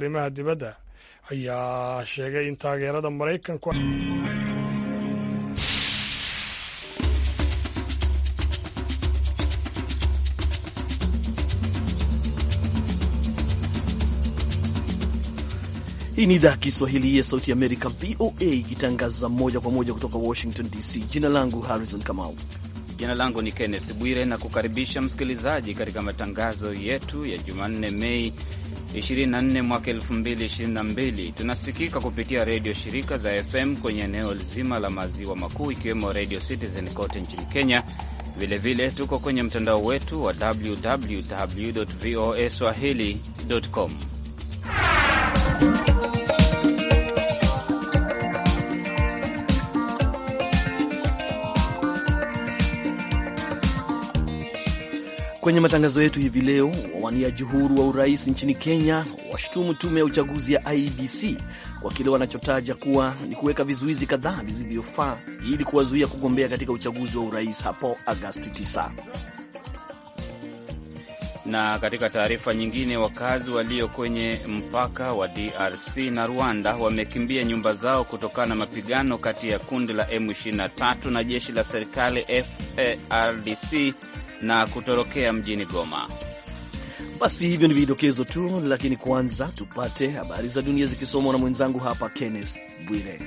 arrimaha dibadda ayaa sheegay in taageerada maraykanku Hii ni idhaa ya Kiswahili ya Sauti Amerika, VOA, ikitangaza moja kwa moja kutoka Washington DC. Jina langu Harrison Kamau. Jina langu ni Kenneth Bwire na kukaribisha msikilizaji katika matangazo yetu ya Jumanne, Mei 24 mwaka 2022. Tunasikika kupitia redio shirika za FM kwenye eneo zima la maziwa makuu ikiwemo Radio Citizen kote nchini Kenya. Vilevile vile, tuko kwenye mtandao wetu wa www voa swahili.com Kwenye matangazo yetu hivi leo, wawaniaji huru wa urais nchini Kenya washutumu tume ya uchaguzi ya ibc e kwa kile wanachotaja kuwa ni kuweka vizuizi kadhaa visivyofaa ili kuwazuia kugombea katika uchaguzi wa urais hapo Agasti 9. Na katika taarifa nyingine, wakazi walio kwenye mpaka wa DRC na Rwanda wamekimbia nyumba zao kutokana na mapigano kati ya kundi la M23 na jeshi la serikali FARDC na kutorokea mjini Goma. Basi hivyo ni vidokezo tu, lakini kwanza tupate habari za dunia zikisomwa na mwenzangu hapa Kenneth Bwire.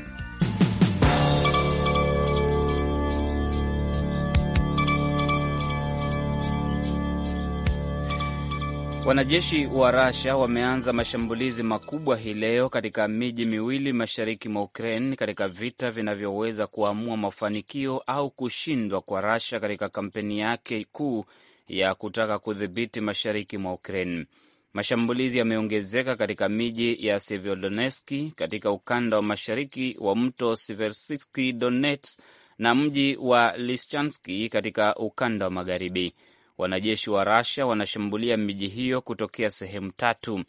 Wanajeshi wa Rasia wameanza mashambulizi makubwa hii leo katika miji miwili mashariki mwa Ukraine katika vita vinavyoweza kuamua mafanikio au kushindwa kwa rasia katika kampeni yake kuu ya kutaka kudhibiti mashariki mwa Ukraine. Mashambulizi yameongezeka katika miji ya severodoneski katika ukanda wa mashariki wa mto seversiski Donets na mji wa Lischanski katika ukanda wa magharibi. Wanajeshi wa Russia wanashambulia miji hiyo kutokea sehemu tatu.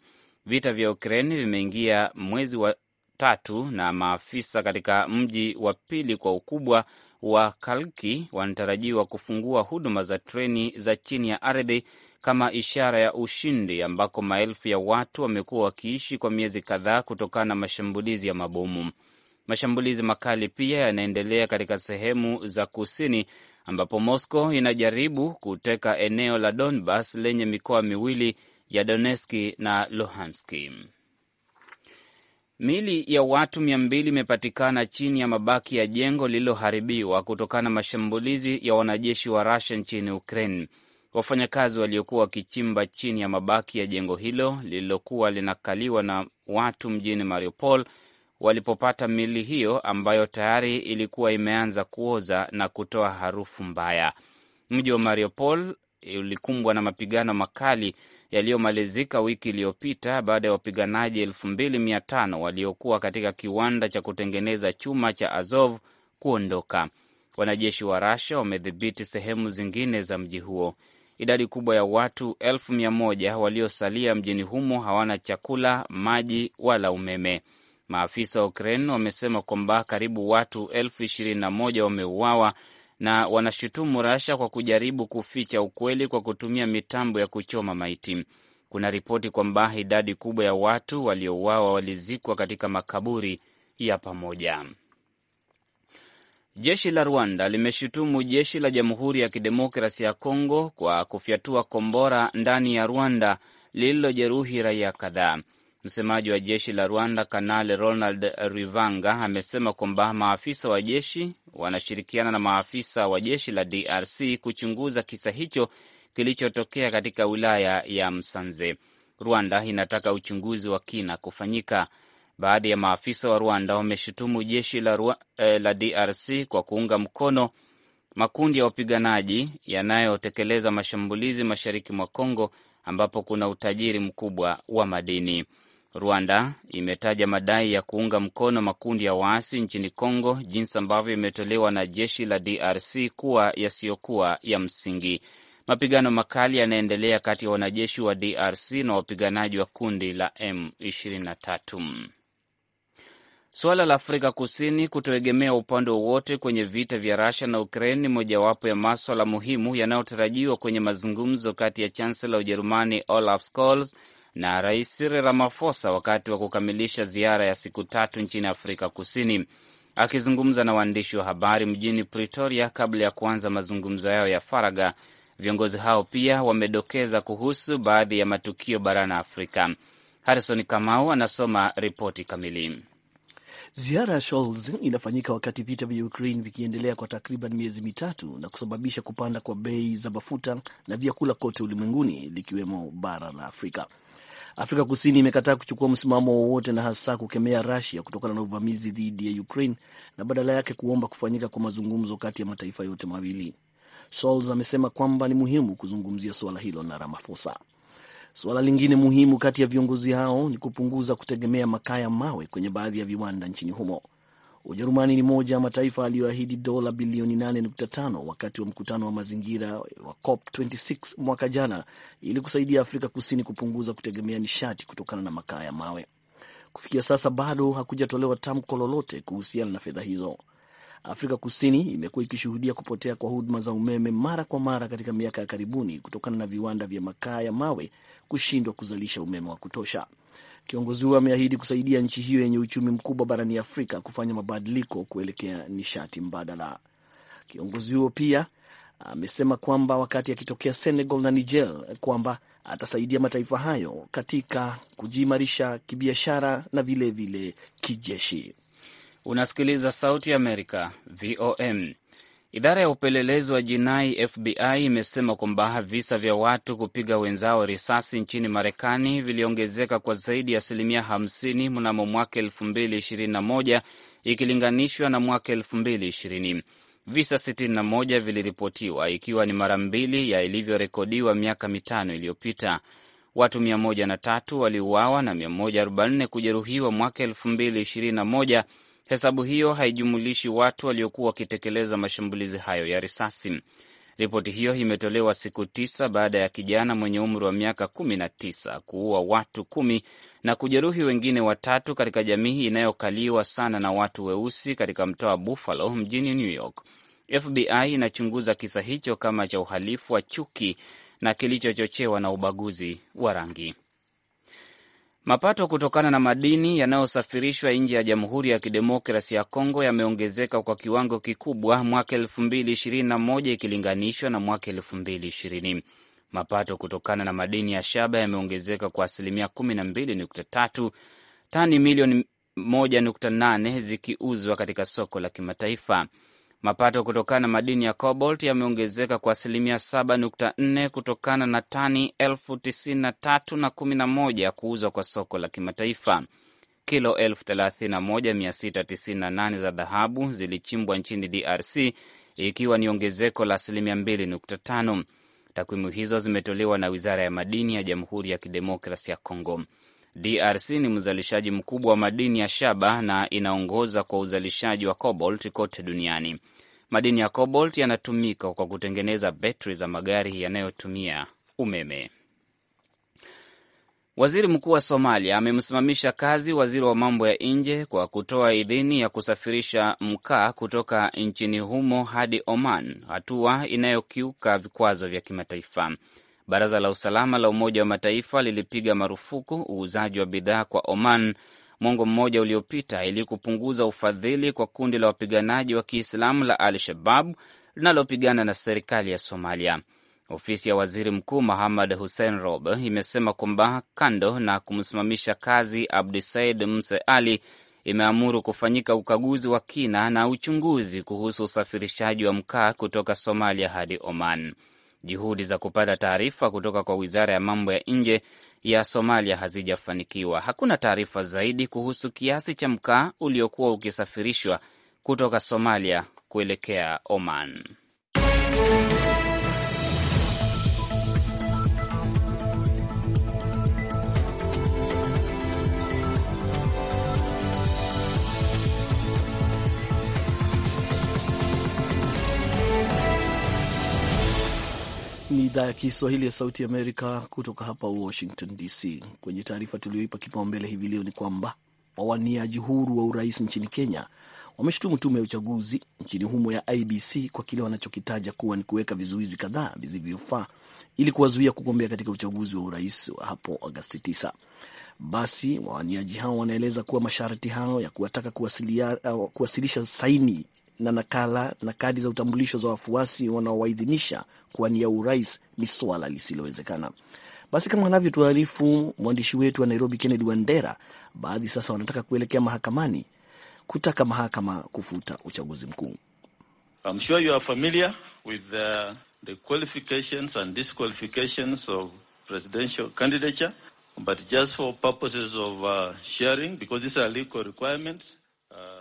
Vita vya Ukraine vimeingia mwezi wa tatu na maafisa katika mji wa pili kwa ukubwa wa Kalki wanatarajiwa kufungua huduma za treni za chini ya ardhi kama ishara ya ushindi, ambako maelfu ya watu wamekuwa wakiishi kwa miezi kadhaa kutokana na mashambulizi ya mabomu. Mashambulizi makali pia yanaendelea katika sehemu za kusini ambapo Moscow inajaribu kuteka eneo la Donbas lenye mikoa miwili ya Donetski na Luhanski. Mili ya watu mia mbili imepatikana chini ya mabaki ya jengo lililoharibiwa kutokana na mashambulizi ya wanajeshi wa Rusia nchini Ukraine. Wafanyakazi waliokuwa wakichimba chini ya mabaki ya jengo hilo lililokuwa linakaliwa na watu mjini Mariupol walipopata mili hiyo ambayo tayari ilikuwa imeanza kuoza na kutoa harufu mbaya. Mji wa Mariupol ulikumbwa na mapigano makali yaliyomalizika wiki iliyopita baada ya wapiganaji 25 waliokuwa katika kiwanda cha kutengeneza chuma cha Azov kuondoka. Wanajeshi wa Rasha wamedhibiti sehemu zingine za mji huo. Idadi kubwa ya watu elfu waliosalia mjini humo hawana chakula, maji wala umeme. Maafisa wa Ukraine wamesema kwamba karibu watu elfu ishirini na moja wameuawa na wanashutumu Rasha kwa kujaribu kuficha ukweli kwa kutumia mitambo ya kuchoma maiti. Kuna ripoti kwamba idadi kubwa ya watu waliouawa walizikwa katika makaburi ya pamoja. Jeshi la Rwanda limeshutumu jeshi la Jamhuri ya Kidemokrasi ya Kongo kwa kufyatua kombora ndani ya Rwanda lililojeruhi raia kadhaa. Msemaji wa jeshi la Rwanda, Kanali Ronald Rivanga, amesema kwamba maafisa wa jeshi wanashirikiana na maafisa wa jeshi la DRC kuchunguza kisa hicho kilichotokea katika wilaya ya Msanze. Rwanda inataka uchunguzi wa kina kufanyika. Baadhi ya maafisa wa Rwanda wameshutumu jeshi la, Rwa, eh, la DRC kwa kuunga mkono makundi ya wapiganaji yanayotekeleza mashambulizi mashariki mwa congo ambapo kuna utajiri mkubwa wa madini. Rwanda imetaja madai ya kuunga mkono makundi ya waasi nchini congo jinsi ambavyo imetolewa na jeshi la DRC kuwa yasiyokuwa ya msingi. Mapigano makali yanaendelea kati ya wanajeshi wa DRC na wapiganaji wa kundi la M23. Suala la Afrika Kusini kutoegemea upande wowote kwenye vita vya rusia na Ukraine ni mojawapo ya maswala muhimu yanayotarajiwa kwenye mazungumzo kati ya chansela wa Ujerumani Olaf Scholz na Rais Cyril Ramaphosa wakati wa kukamilisha ziara ya siku tatu nchini Afrika Kusini. Akizungumza na waandishi wa habari mjini Pretoria kabla ya kuanza mazungumzo yao ya faraga viongozi hao pia wamedokeza kuhusu baadhi ya matukio barani Afrika. Harrison Kamau anasoma ripoti kamili. Ziara ya Scholz inafanyika wakati vita vya Ukraine vikiendelea kwa takriban miezi mitatu na kusababisha kupanda kwa bei za mafuta na vyakula kote ulimwenguni likiwemo bara la Afrika. Afrika Kusini imekataa kuchukua msimamo wowote na hasa kukemea rasia kutokana na uvamizi dhidi ya Ukraine na badala yake kuomba kufanyika kwa mazungumzo kati ya mataifa yote mawili. Scholz amesema kwamba ni muhimu kuzungumzia suala hilo na Ramaphosa. Suala lingine muhimu kati ya viongozi hao ni kupunguza kutegemea makaa ya mawe kwenye baadhi ya viwanda nchini humo. Ujerumani ni moja ya mataifa aliyoahidi dola bilioni 8.5 wakati wa mkutano wa mazingira wa COP26 mwaka jana ili kusaidia Afrika Kusini kupunguza kutegemea nishati kutokana na makaa ya mawe. Kufikia sasa bado hakujatolewa tamko lolote kuhusiana na fedha hizo. Afrika Kusini imekuwa ikishuhudia kupotea kwa huduma za umeme mara kwa mara katika miaka ya karibuni kutokana na viwanda vya makaa ya mawe kushindwa kuzalisha umeme wa kutosha. Kiongozi huyo ameahidi kusaidia nchi hiyo yenye uchumi mkubwa barani Afrika kufanya mabadiliko kuelekea nishati mbadala. Kiongozi huyo pia amesema kwamba wakati akitokea Senegal na Niger kwamba atasaidia mataifa hayo katika kujiimarisha kibiashara na vilevile vile kijeshi. Unasikiliza Sauti ya Amerika, VOM. Idara ya upelelezi wa jinai FBI imesema kwamba visa vya watu kupiga wenzao risasi nchini Marekani viliongezeka kwa zaidi ya asilimia 50 mnamo mwaka 2021 ikilinganishwa na mwaka 2020. Visa 61 viliripotiwa ikiwa ni mara mbili ya ilivyorekodiwa miaka mitano iliyopita. Watu 103 waliuawa na 144 kujeruhiwa mwaka 2021 Hesabu hiyo haijumulishi watu waliokuwa wakitekeleza mashambulizi hayo ya risasi. Ripoti hiyo imetolewa siku tisa baada ya kijana mwenye umri wa miaka kumi na tisa kuua watu kumi na kujeruhi wengine watatu katika jamii inayokaliwa sana na watu weusi katika mtaa wa Buffalo mjini New York. FBI inachunguza kisa hicho kama cha uhalifu wa chuki na kilichochochewa na ubaguzi wa rangi. Mapato kutokana na madini yanayosafirishwa nje ya Jamhuri ya Kidemokrasi ya Kongo yameongezeka kwa kiwango kikubwa mwaka 2021 ikilinganishwa na mwaka 2020. Mapato kutokana na madini ya shaba yameongezeka kwa asilimia 12.3, tani milioni 1.8 zikiuzwa katika soko la kimataifa. Mapato kutokana na madini ya cobalt yameongezeka kwa asilimia 7.4 kutokana na tani 9311 kuuzwa kwa soko la kimataifa. Kilo 31698 za dhahabu zilichimbwa nchini DRC ikiwa ni ongezeko la asilimia 2.5. Takwimu hizo zimetolewa na wizara ya madini ya Jamhuri ya Kidemokrasi ya Congo. DRC ni mzalishaji mkubwa wa madini ya shaba na inaongoza kwa uzalishaji wa cobalt kote duniani. Madini ya cobalt yanatumika kwa kutengeneza betri za magari yanayotumia umeme. Waziri mkuu wa Somalia amemsimamisha kazi waziri wa mambo ya nje kwa kutoa idhini ya kusafirisha mkaa kutoka nchini humo hadi Oman, hatua inayokiuka vikwazo vya kimataifa. Baraza la usalama la Umoja wa Mataifa lilipiga marufuku uuzaji wa bidhaa kwa Oman mwongo mmoja uliopita ili kupunguza ufadhili kwa kundi la wapiganaji wa Kiislamu la Al Shabab linalopigana na serikali ya Somalia. Ofisi ya waziri mkuu Muhamad Hussein Robe imesema kwamba kando na kumsimamisha kazi Abdusaid Mse Ali, imeamuru kufanyika ukaguzi wa kina na uchunguzi kuhusu usafirishaji wa mkaa kutoka Somalia hadi Oman. Juhudi za kupata taarifa kutoka kwa wizara ya mambo ya nje ya Somalia hazijafanikiwa. Hakuna taarifa zaidi kuhusu kiasi cha mkaa uliokuwa ukisafirishwa kutoka Somalia kuelekea Oman. idhaa ya Kiswahili ya Sauti ya Amerika kutoka hapa Washington DC. Kwenye taarifa tuliyoipa kipaumbele hivi leo ni kwamba wawaniaji huru wa urais nchini Kenya wameshutumu tume ya uchaguzi nchini humo ya IBC kwa kile wanachokitaja kuwa ni kuweka vizuizi kadhaa visivyofaa ili kuwazuia kugombea katika uchaguzi wa urais wa hapo Agasti 9. Basi wawaniaji hao wanaeleza kuwa masharti hayo ya kuwataka uh, kuwasilisha saini na nakala na kadi za utambulisho za wafuasi wanaowaidhinisha kuwania urais ni swala lisilowezekana. Basi kama anavyotuarifu mwandishi wetu wa Nairobi, Kennedy Wandera, baadhi sasa wanataka kuelekea mahakamani kutaka mahakama kufuta uchaguzi mkuu. I'm sure you are familiar with the, the qualifications and disqualifications of presidential candidature, but just for purposes of uh, sharing because these are legal requirements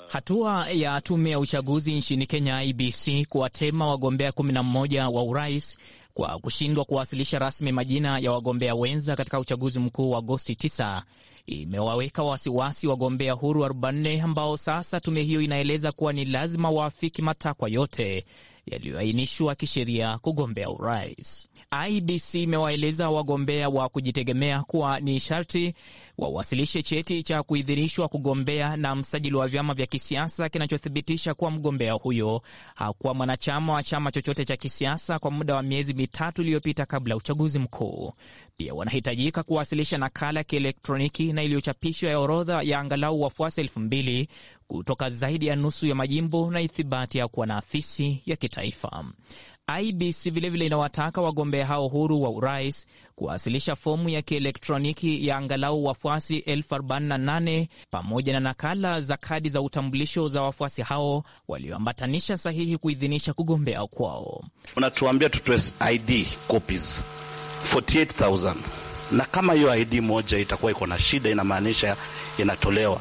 Hatua ya tume ya uchaguzi nchini Kenya IBC kuwatema wagombea 11 wa urais kwa kushindwa kuwasilisha rasmi majina ya wagombea wenza katika uchaguzi mkuu wa Agosti 9 imewaweka wasiwasi wagombea huru 4 ambao sasa tume hiyo inaeleza kuwa ni lazima waafiki matakwa yote yaliyoainishwa kisheria kugombea urais. IBC imewaeleza wagombea wa kujitegemea kuwa ni sharti wawasilishe cheti cha kuidhinishwa kugombea na msajili wa vyama vya kisiasa kinachothibitisha kuwa mgombea huyo hakuwa mwanachama wa chama chochote cha kisiasa kwa muda wa miezi mitatu iliyopita kabla ya uchaguzi mkuu. Pia wanahitajika kuwasilisha nakala ya kielektroniki na iliyochapishwa ya orodha ya angalau wafuasi elfu mbili kutoka zaidi ya nusu ya majimbo na ithibati ya kuwa na afisi ya kitaifa. IBC vilevile inawataka wagombea hao huru wa urais kuwasilisha fomu ya kielektroniki ya angalau wafuasi 48 pamoja na nakala za kadi za utambulisho za wafuasi hao walioambatanisha sahihi kuidhinisha kugombea kwao. Unatuambia tutoe ID copies 48,000 na kama hiyo ID moja itakuwa iko na shida, inamaanisha inatolewa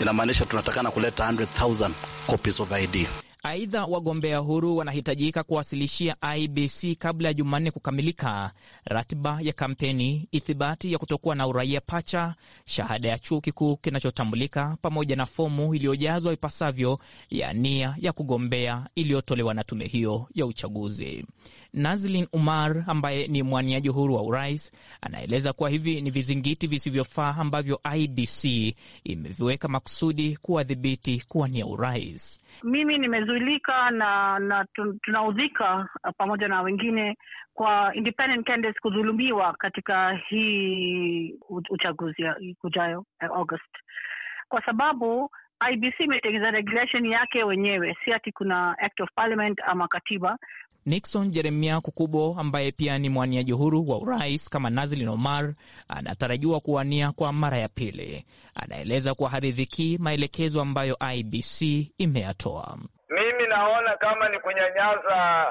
inamaanisha tunatakana kuleta 100,000 copies of ID. Aidha, wagombea huru wanahitajika kuwasilishia IBC kabla ya Jumanne kukamilika ratiba ya kampeni, ithibati ya kutokuwa na uraia pacha, shahada ya chuo kikuu kinachotambulika, pamoja na fomu iliyojazwa ipasavyo ya nia ya kugombea iliyotolewa na tume hiyo ya uchaguzi. Nazlin Umar ambaye ni mwaniaji huru wa urais anaeleza kuwa hivi ni vizingiti visivyofaa ambavyo IBC imeviweka makusudi kuwadhibiti kuwania urais. Mimi nimezuilika na, na tunaudhika pamoja na wengine kwa independent candidates kudhulumiwa katika hii uchaguzi ujayo eh, August, kwa sababu IBC imetengeza regulation yake wenyewe, si ati kuna act of parliament ama katiba. Nixon Jeremia Kukubo, ambaye pia ni mwaniaji huru wa urais kama Nazlin Omar, anatarajiwa kuwania kwa mara ya pili. Anaeleza kuwa haridhikii maelekezo ambayo IBC imeyatoa. Mimi naona kama ni kunyanyaza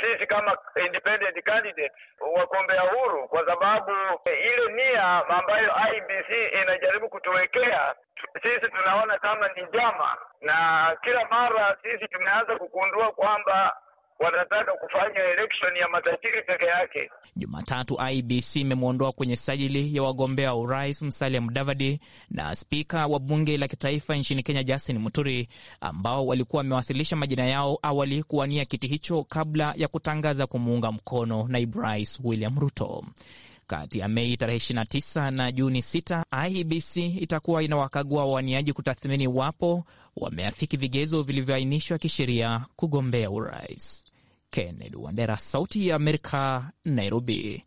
sisi kama independent candidates wagombea huru, kwa sababu eh, ile nia ambayo IBC inajaribu kutuwekea sisi tunaona kama ni njama, na kila mara sisi tumeanza kugundua kwamba wanataka kufanya election ya matajiri peke yake. Jumatatu IBC imemwondoa kwenye sajili ya wagombea wa urais Musalia Mudavadi na spika wa bunge la kitaifa nchini Kenya Justin Muturi ambao walikuwa wamewasilisha majina yao awali kuwania kiti hicho kabla ya kutangaza kumuunga mkono naibu rais William Ruto. Kati ya Mei tarehe 29 na Juni 6 IEBC itakuwa inawakagua wawaniaji kutathmini iwapo wameafiki vigezo vilivyoainishwa kisheria kugombea urais. Kennedy Wandera, Sauti ya Amerika, Nairobi.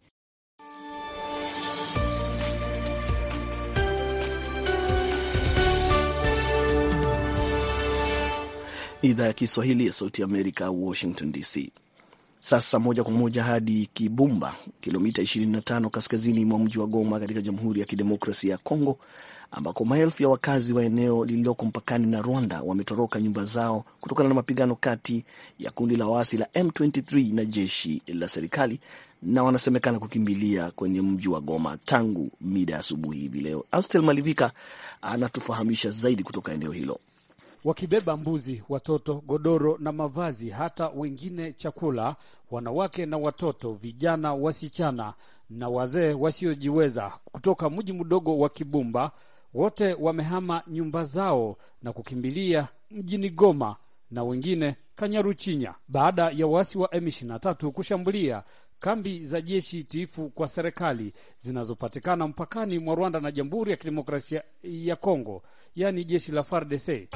Ni idhaa ya Kiswahili ya Sauti ya Amerika, Washington DC. Sasa moja kwa moja hadi Kibumba, kilomita 25 kaskazini mwa mji wa Goma, katika Jamhuri ya Kidemokrasia ya Kongo, ambako maelfu ya wakazi wa eneo lililoko mpakani na Rwanda wametoroka nyumba zao kutokana na mapigano kati ya kundi la waasi la M23 na jeshi la serikali na wanasemekana kukimbilia kwenye mji wa Goma tangu mida asubuhi hivi leo. Astel Malivika anatufahamisha zaidi kutoka eneo hilo. Wakibeba mbuzi, watoto, godoro na mavazi, hata wengine chakula, wanawake na watoto, vijana, wasichana na wazee wasiojiweza kutoka mji mdogo wa Kibumba wote wamehama nyumba zao na kukimbilia mjini Goma na wengine Kanyaruchinya baada ya waasi wa M23 kushambulia kambi za jeshi tiifu kwa serikali zinazopatikana mpakani mwa Rwanda na Jamhuri ya Kidemokrasia ya Kongo, yaani jeshi la FARDC.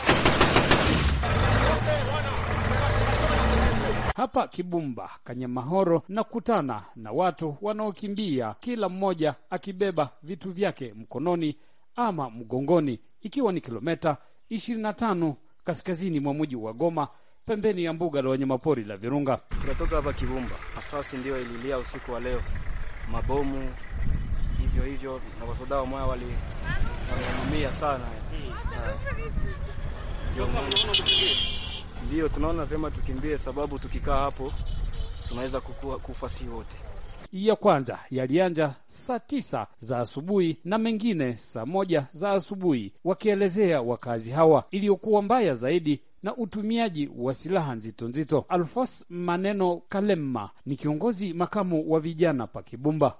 Hapa Kibumba, Kanyamahoro kutana na watu wanaokimbia, kila mmoja akibeba vitu vyake mkononi ama Mgongoni, ikiwa ni kilometa 25 kaskazini mwa mji wa Goma, pembeni ya mbuga la wanyamapori la Virunga. Tunatoka hapa Kibumba, asasi ndiyo ililia usiku wa leo, mabomu hivyo hivyo, na wasoda wa moya waliumia sana. ndio tunaona vyema tukimbie, sababu tukikaa hapo tunaweza kufa si wote ya kwanza yalianja saa tisa za asubuhi na mengine saa moja za asubuhi, wakielezea wakazi hawa iliyokuwa mbaya zaidi na utumiaji wa silaha nzito nzito. Alfos Maneno kalema ni kiongozi makamu wa vijana pa Kibumba.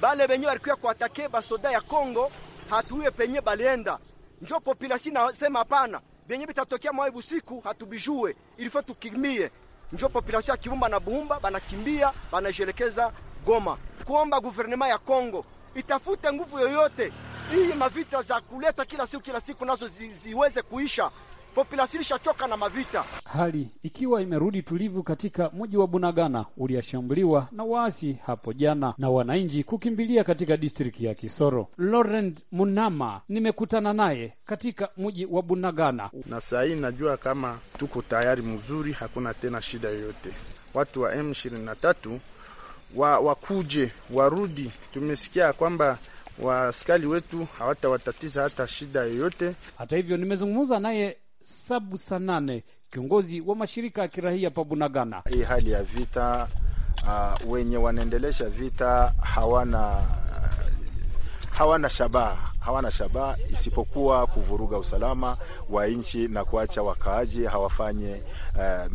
Bale venyewe balikuya kuatake basoda ya Kongo, hatuye penye balienda njo populasi nasema hapana, venye vitatokea mwai busiku hatubijue, ilifo tukimie. Njo populasi ya Kibumba na Buhumba banakimbia banajielekeza Goma, kuomba guvernema ya Kongo itafute nguvu yoyote hii mavita za kuleta kila siku kila siku nazo zi, ziweze kuisha. Populasi ilishachoka na mavita. Hali ikiwa imerudi tulivu katika mji wa Bunagana uliashambuliwa na waasi hapo jana na wananchi kukimbilia katika distriki ya Kisoro. Laurent Munama nimekutana naye katika mji wa Bunagana. Na saa hii najua kama tuko tayari mzuri, hakuna tena shida yoyote. Watu wa M23 wa, wakuje warudi. Tumesikia kwamba waskali wetu hawatawatatiza hata shida yoyote. Hata hivyo, nimezungumza naye Sabu Sanane, kiongozi wa mashirika ya kirahia Pabunagana. Hii hali ya vita uh, wenye wanaendelesha vita hawana hawana shabaha hawana shabaha isipokuwa kuvuruga usalama wa nchi na kuacha wakaaji hawafanye uh,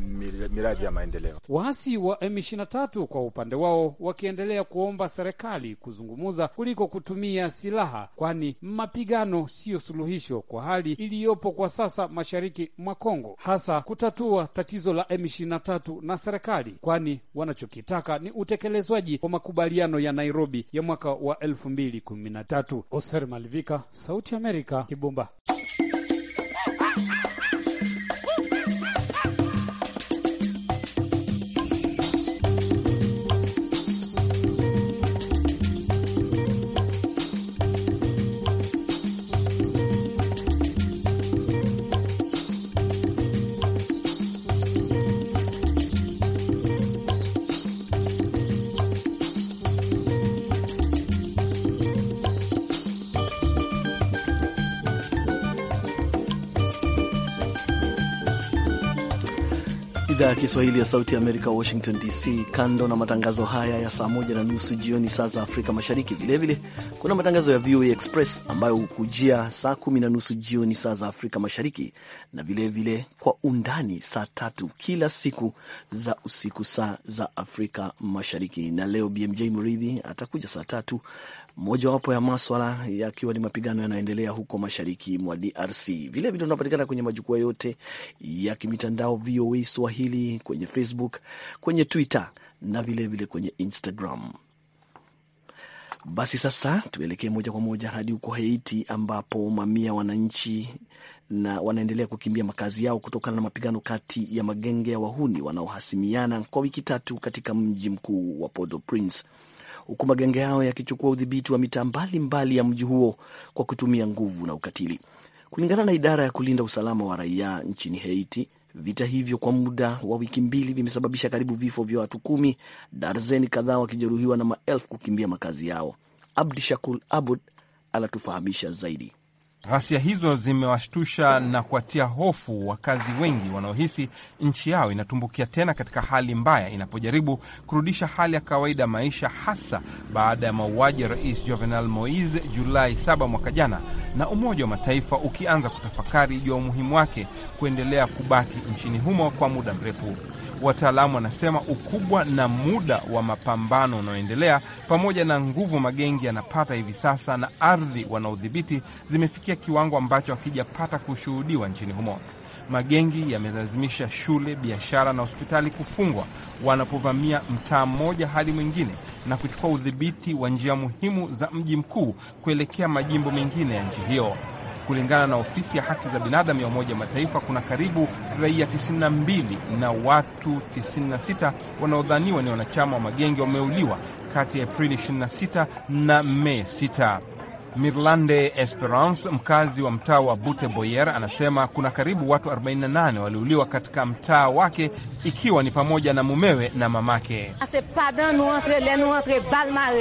miradi ya maendeleo. Waasi wa M23 kwa upande wao wakiendelea kuomba serikali kuzungumza kuliko kutumia silaha, kwani mapigano siyo suluhisho kwa hali iliyopo kwa sasa mashariki mwa Kongo, hasa kutatua tatizo la M23 na serikali, kwani wanachokitaka ni utekelezwaji wa makubaliano ya Nairobi ya mwaka wa elfu mbili kumi Oser Malvi Malivika, Sauti Amerika, Kibumba. idhaa ya Kiswahili ya Sauti ya Amerika, Washington DC. Kando na matangazo haya ya saa moja na nusu jioni saa za Afrika Mashariki, vilevile kuna matangazo ya VOA Express ambayo hukujia saa kumi na nusu jioni saa za Afrika Mashariki, na vilevile vile kwa undani saa tatu kila siku za usiku saa za Afrika Mashariki. Na leo BMJ Mridhi atakuja saa tatu mojawapo ya maswala yakiwa ni mapigano yanaendelea huko mashariki mwa DRC. Vilevile tunapatikana kwenye majukwaa yote ya kimitandao, VOA Swahili kwenye Facebook, kwenye Twitter na vilevile vile kwenye Instagram. Basi sasa tuelekee moja kwa moja hadi huko Haiti ambapo mamia wananchi na wanaendelea kukimbia makazi yao kutokana na mapigano kati ya magenge ya wahuni wanaohasimiana kwa wiki tatu katika mji mkuu wa Port-au-Prince huku magenge yao yakichukua udhibiti wa mitaa mbalimbali ya mji huo kwa kutumia nguvu na ukatili. Kulingana na idara ya kulinda usalama wa raia nchini Haiti, vita hivyo kwa muda wa wiki mbili vimesababisha karibu vifo vya watu kumi, darzeni kadhaa wakijeruhiwa na maelfu kukimbia makazi yao. Abdi Abud anatufahamisha zaidi. Ghasia hizo zimewashtusha na kuwatia hofu wakazi wengi wanaohisi nchi yao inatumbukia tena katika hali mbaya inapojaribu kurudisha hali ya kawaida maisha, hasa baada ya mauaji ya Rais Jovenel Moise Julai 7 mwaka jana, na Umoja wa Mataifa ukianza kutafakari juu ya umuhimu wake kuendelea kubaki nchini humo kwa muda mrefu. Wataalamu wanasema ukubwa na muda wa mapambano unaoendelea pamoja na nguvu magengi yanapata hivi sasa na ardhi wanaodhibiti zimefikia kiwango ambacho hakijapata kushuhudiwa nchini humo. Magengi yamelazimisha shule, biashara na hospitali kufungwa wanapovamia mtaa mmoja hadi mwingine na kuchukua udhibiti wa njia muhimu za mji mkuu kuelekea majimbo mengine ya nchi hiyo. Kulingana na ofisi ya haki za binadamu ya Umoja Mataifa, kuna karibu raia 92 na watu 96 wanaodhaniwa ni wanachama wa magenge wameuliwa kati ya Aprili 26 na Mei 6. Mirlande Esperance, mkazi wa mtaa wa Bute Boyer, anasema kuna karibu watu 48 waliuliwa katika mtaa wake, ikiwa ni pamoja na mumewe na mamake. Ah,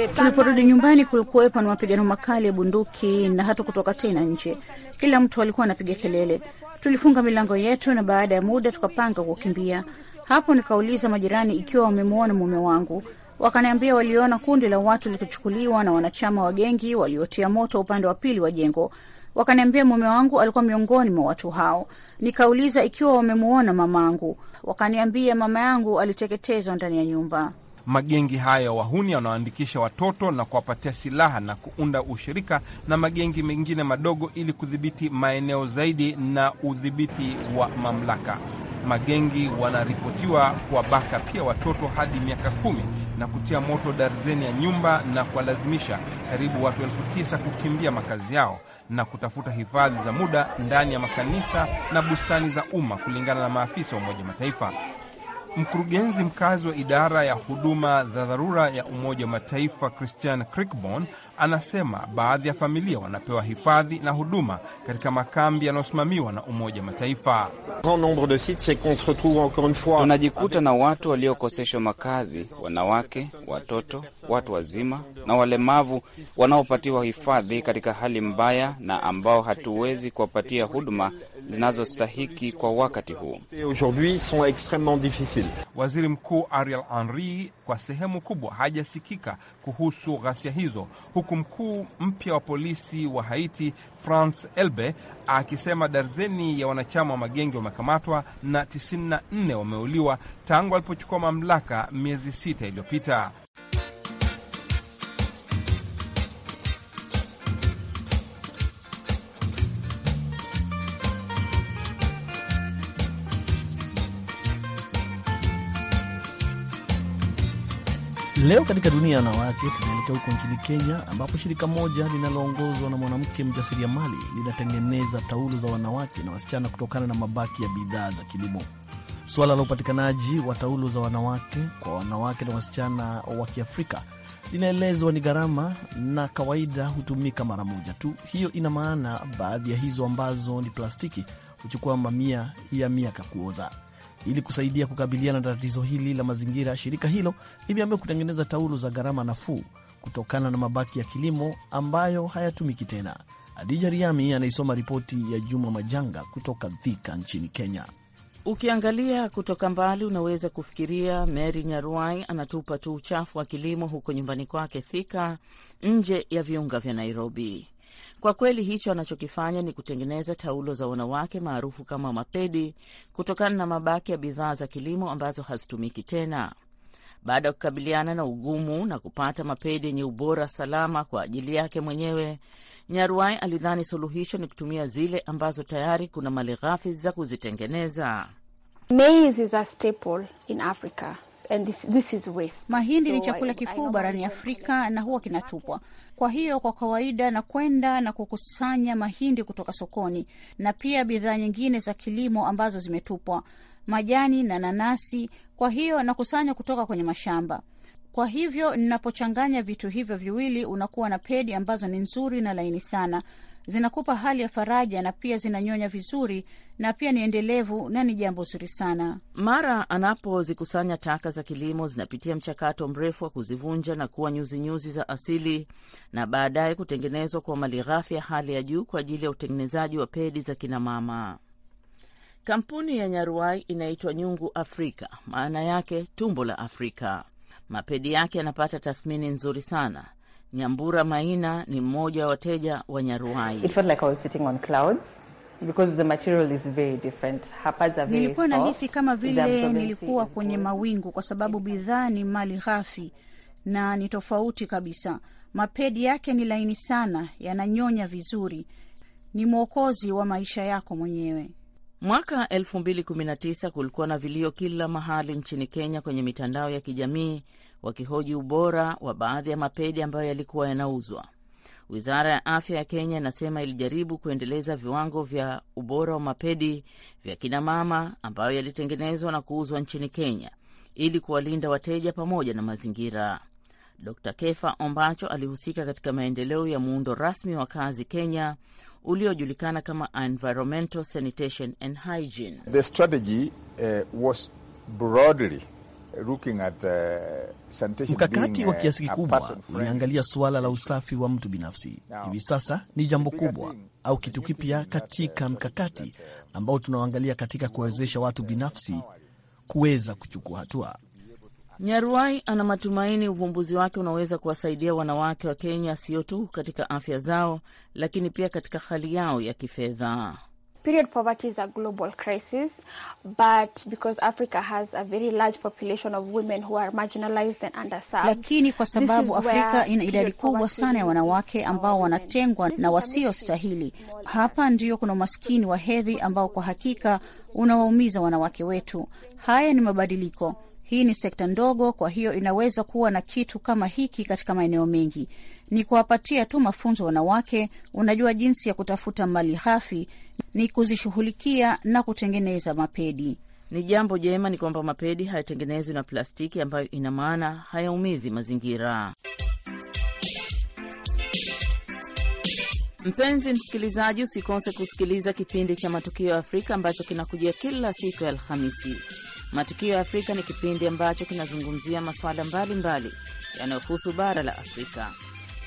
Tuliporudi nyumbani, kulikuwepo na mapigano makali ya bunduki na hatu kutoka tena nje. Kila mtu alikuwa anapiga kelele. Tulifunga milango yetu na baada ya muda tukapanga kukimbia. Hapo nikauliza majirani ikiwa wamemwona mume wangu wakaniambia waliona kundi la watu likichukuliwa na wanachama wa gengi waliotia moto upande wa pili wa jengo. Wakaniambia mume wangu alikuwa miongoni mwa watu hao. Nikauliza ikiwa wamemuona mamaangu wakaniambia mama yangu aliteketezwa ndani ya nyumba. Magengi haya ya wahuni yanaoandikisha watoto na kuwapatia silaha na kuunda ushirika na magengi mengine madogo ili kudhibiti maeneo zaidi na udhibiti wa mamlaka. Magengi wanaripotiwa kuwabaka pia watoto hadi miaka kumi na kutia moto darzeni ya nyumba na kuwalazimisha karibu watu elfu tisa kukimbia makazi yao na kutafuta hifadhi za muda ndani ya makanisa na bustani za umma kulingana na maafisa wa Umoja Mataifa. Mkurugenzi mkazi wa idara ya huduma za dharura ya Umoja wa Mataifa Christian Crickborn anasema baadhi ya familia wanapewa hifadhi na huduma katika makambi yanayosimamiwa na Umoja wa Mataifa. Tunajikuta na watu waliokoseshwa makazi, wanawake, watoto, watu wazima na walemavu wanaopatiwa hifadhi katika hali mbaya na ambao hatuwezi kuwapatia huduma zinazostahiki kwa wakati huu. Waziri Mkuu Ariel Henry kwa sehemu kubwa hajasikika kuhusu ghasia hizo, huku mkuu mpya wa polisi wa Haiti France Elbe akisema darzeni ya wanachama wa magenge wamekamatwa na 94 wameuliwa tangu alipochukua mamlaka miezi sita iliyopita. Leo katika dunia ya wanawake, tunaelekea huko nchini Kenya ambapo shirika moja linaloongozwa na mwanamke mjasiriamali linatengeneza taulo za wanawake na wasichana kutokana na mabaki ya bidhaa za kilimo. Suala la upatikanaji wa taulo za wanawake kwa wanawake na wasichana wa Kiafrika linaelezwa ni gharama na kawaida hutumika mara moja tu. Hiyo ina maana baadhi ya hizo ambazo ni plastiki huchukua mamia ya miaka kuoza. Ili kusaidia kukabiliana na tatizo hili la mazingira, shirika hilo limeamua kutengeneza taulo za gharama nafuu kutokana na mabaki ya kilimo ambayo hayatumiki tena. Adija Riami anaisoma ripoti ya Juma Majanga kutoka Thika nchini Kenya. Ukiangalia kutoka mbali unaweza kufikiria Mary Nyaruai anatupa tu uchafu wa kilimo huko nyumbani kwake Thika, nje ya viunga vya Nairobi. Kwa kweli hicho anachokifanya ni kutengeneza taulo za wanawake maarufu kama mapedi kutokana na mabaki ya bidhaa za kilimo ambazo hazitumiki tena. Baada ya kukabiliana na ugumu na kupata mapedi yenye ubora salama kwa ajili yake mwenyewe, Nyaruai alidhani suluhisho ni kutumia zile ambazo tayari kuna ghafi za kuzitengeneza. Maize is a staple in Africa. And this, this is waste. Mahindi ni chakula kikuu barani Afrika na huwa kinatupwa. Kwa hiyo kwa kawaida na kwenda na kukusanya mahindi kutoka sokoni na pia bidhaa nyingine za kilimo ambazo zimetupwa, majani na nanasi. Kwa hiyo nakusanya kutoka kwenye mashamba. Kwa hivyo ninapochanganya vitu hivyo viwili, unakuwa na pedi ambazo ni nzuri na laini sana, zinakupa hali ya faraja na pia zinanyonya vizuri na pia ni endelevu na ni jambo zuri sana. Mara anapozikusanya taka za kilimo zinapitia mchakato mrefu wa kuzivunja na kuwa nyuzinyuzi nyuzi za asili na baadaye kutengenezwa kwa mali ghafi ya hali ya juu kwa ajili ya utengenezaji wa pedi za kinamama. Kampuni ya nyaruai inaitwa Nyungu Afrika, maana yake tumbo la Afrika. Mapedi yake yanapata tathmini nzuri sana Nyambura Maina ni mmoja wa wateja wa nyaruai Nilikuwa nahisi kama vile nilikuwa kwenye mawingu, kwa sababu bidhaa ni mali ghafi na ni tofauti kabisa. Mapedi yake ni laini sana, yananyonya vizuri, ni mwokozi wa maisha yako mwenyewe. Mwaka 2019 kulikuwa na vilio kila mahali nchini Kenya kwenye mitandao ya kijamii wakihoji ubora wa baadhi ya mapedi ambayo yalikuwa yanauzwa. Wizara ya afya ya Kenya inasema ilijaribu kuendeleza viwango vya ubora wa mapedi vya kinamama ambayo yalitengenezwa na kuuzwa nchini Kenya ili kuwalinda wateja pamoja na mazingira. Dr Kefa Ombacho alihusika katika maendeleo ya muundo rasmi wa kazi Kenya uliojulikana kama Environmental Sanitation and Hygiene. The strategy, uh, was broadly Uh, mkakati wa kiasi kikubwa uliangalia suala la usafi wa mtu binafsi. Hivi sasa ni jambo kubwa au kitu kipya uh, katika uh, mkakati ambao tunaoangalia katika kuwawezesha watu binafsi kuweza kuchukua hatua. Nyaruai ana matumaini uvumbuzi wake unaweza kuwasaidia wanawake wa Kenya sio tu katika afya zao, lakini pia katika hali yao ya kifedha period poverty is a global crisis, but because Africa has a very large population of women who are marginalized and underserved. Lakini kwa sababu Afrika ina idadi kubwa sana ya wanawake ambao wanatengwa na wasiostahili, hapa ndio kuna umaskini wa hedhi ambao kwa hakika unawaumiza wanawake wetu. Haya ni mabadiliko. Hii ni sekta ndogo, kwa hiyo inaweza kuwa na kitu kama hiki katika maeneo mengi ni kuwapatia tu mafunzo wanawake. Unajua jinsi ya kutafuta mali hafi ni kuzishughulikia na kutengeneza mapedi. Ni jambo jema ni kwamba mapedi hayatengenezwi na plastiki, ambayo ina maana hayaumizi mazingira. Mpenzi msikilizaji, usikose kusikiliza kipindi cha Matukio ya Afrika ambacho kinakujia kila siku ya Alhamisi. Matukio ya Afrika ni kipindi ambacho kinazungumzia masuala mbalimbali yanayohusu bara la Afrika.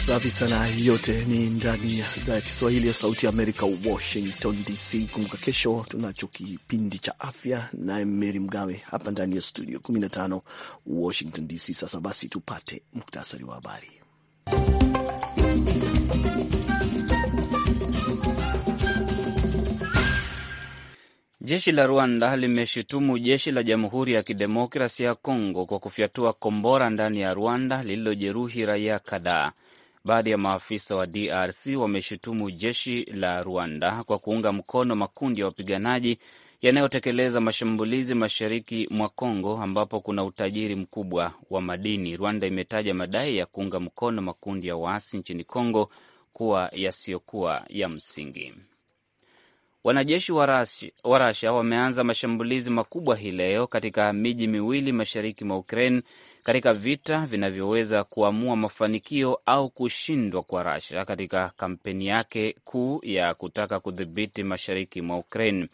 Safi sana, yote ni ndani ya idhaa ya Kiswahili ya Sauti ya Amerika, Washington DC. Kumbuka kesho tunacho kipindi cha afya naye Meri Mgawe hapa ndani ya studio 15 Washington DC. Sasa basi, tupate muktasari wa habari. Jeshi la Rwanda limeshutumu jeshi la Jamhuri ya Kidemokrasia ya Kongo kwa kufyatua kombora ndani ya Rwanda lililojeruhi raia kadhaa. Baadhi ya maafisa wa DRC wameshutumu jeshi la Rwanda kwa kuunga mkono makundi ya wapiganaji yanayotekeleza mashambulizi mashariki mwa congo ambapo kuna utajiri mkubwa wa madini. Rwanda imetaja madai ya kuunga mkono makundi ya waasi nchini congo kuwa yasiyokuwa ya msingi. Wanajeshi wa rasia wameanza mashambulizi makubwa hii leo katika miji miwili mashariki mwa Ukraine katika vita vinavyoweza kuamua mafanikio au kushindwa kwa Russia katika kampeni yake kuu ya kutaka kudhibiti mashariki mwa Ukraine.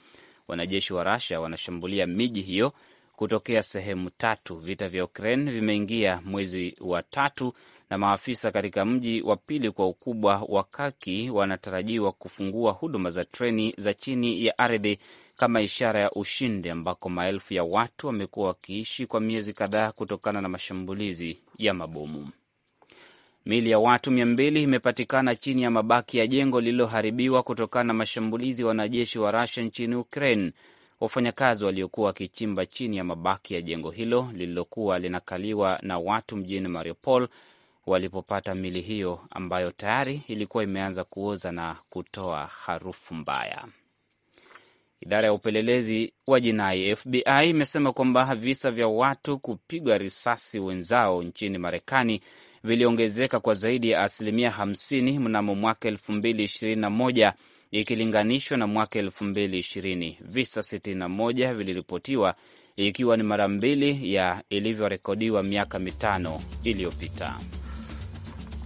Wanajeshi wa Russia wanashambulia miji hiyo kutokea sehemu tatu. Vita vya Ukraine vimeingia mwezi wa tatu, na maafisa katika mji wa pili kwa ukubwa wa Kharkiv wanatarajiwa kufungua huduma za treni za chini ya ardhi kama ishara ya ushindi, ambako maelfu ya watu wamekuwa wakiishi kwa miezi kadhaa kutokana na mashambulizi ya mabomu. Mili ya watu mia mbili imepatikana chini ya mabaki ya jengo lililoharibiwa kutokana na mashambulizi ya wanajeshi wa Rusia nchini Ukraine. Wafanyakazi waliokuwa wakichimba chini ya mabaki ya jengo hilo lililokuwa linakaliwa na watu mjini Mariupol walipopata mili hiyo ambayo tayari ilikuwa imeanza kuoza na kutoa harufu mbaya. Idara ya upelelezi wa jinai FBI imesema kwamba visa vya watu kupigwa risasi wenzao nchini Marekani viliongezeka kwa zaidi ya asilimia 50 mnamo mwaka 2021 ikilinganishwa na mwaka 2020. Visa 61 viliripotiwa ikiwa ni mara mbili ya ilivyorekodiwa miaka mitano iliyopita.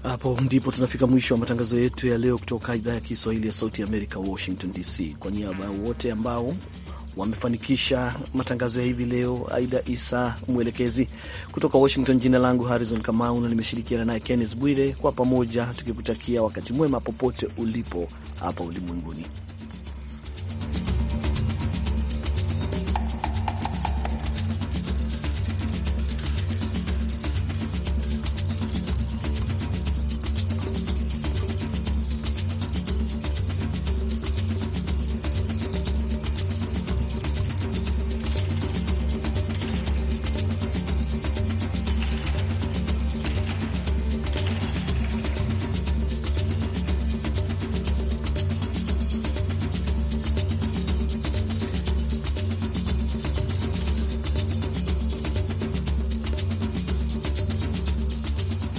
Hapo ndipo tunafika mwisho wa matangazo yetu ya leo kutoka idhaa ya Kiswahili ya Sauti Amerika, Washington DC. Kwa niaba ya wote ambao wamefanikisha matangazo ya hivi leo, Aida Isa mwelekezi kutoka Washington. Jina langu Harrison Kamau na nimeshirikiana naye Kenneth Bwire, kwa pamoja tukikutakia wakati mwema popote ulipo hapa ulimwenguni.